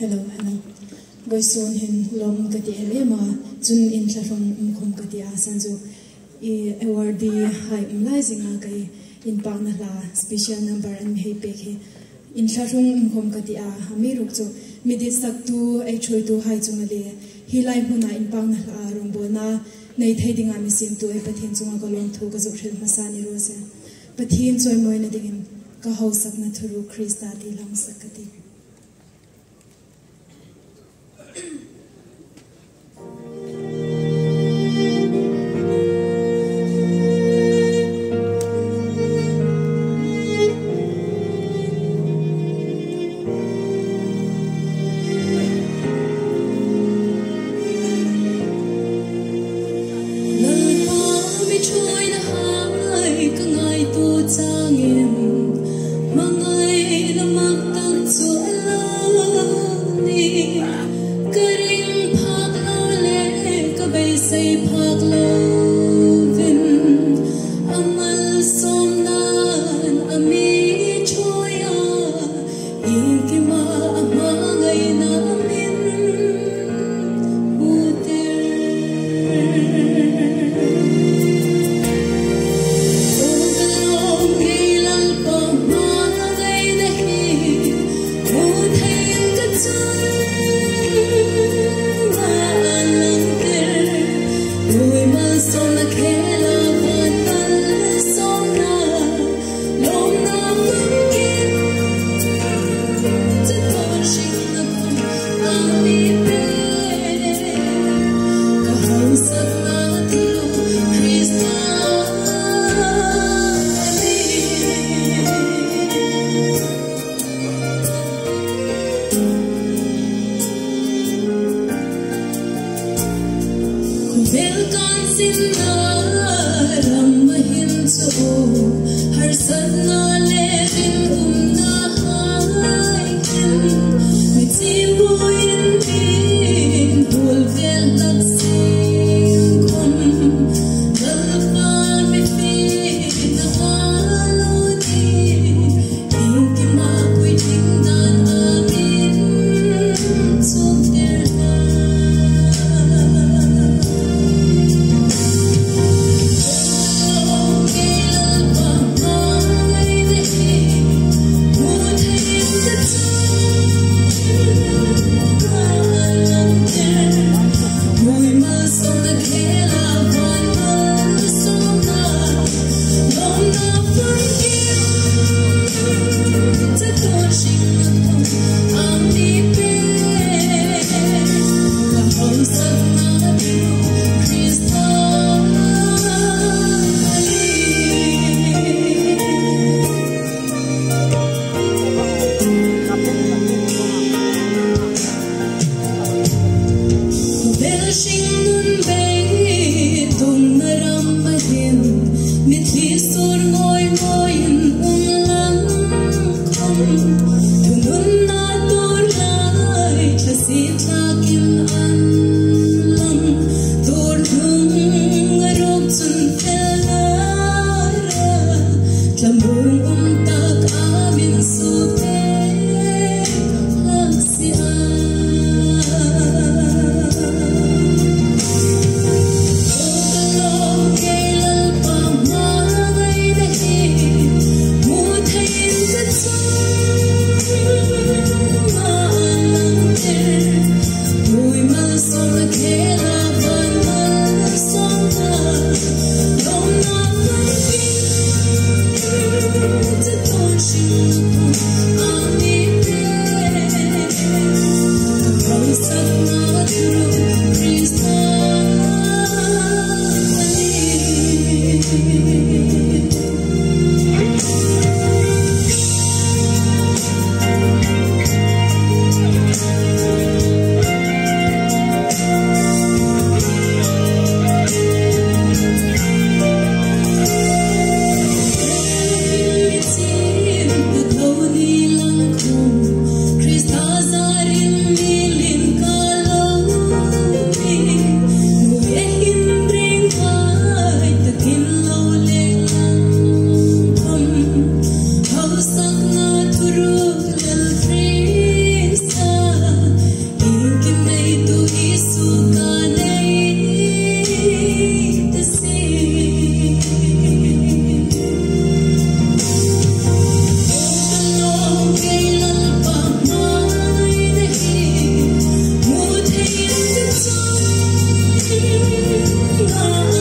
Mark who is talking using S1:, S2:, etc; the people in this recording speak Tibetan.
S1: hello hello goi sun hin lom ka ti hele ma jun in la rong um khom ka ti a san zo e award hi imlizing ka i um in par na la special number and hey pe ke in la rong um khom ka ti a ha mi ruk zo mi de tak tu e choi tu hai chu le hi lai bu na in par na la rong bo na nei thai ding a mi sin tu e pa thin chu ma ko lom thu ka zo chen ma sa ni ro se pa thin choi mo ne ding ka ho na thu krista ti lam sak ka ti Theo con xin lỡ lòng mà hiên rồi see. Oh,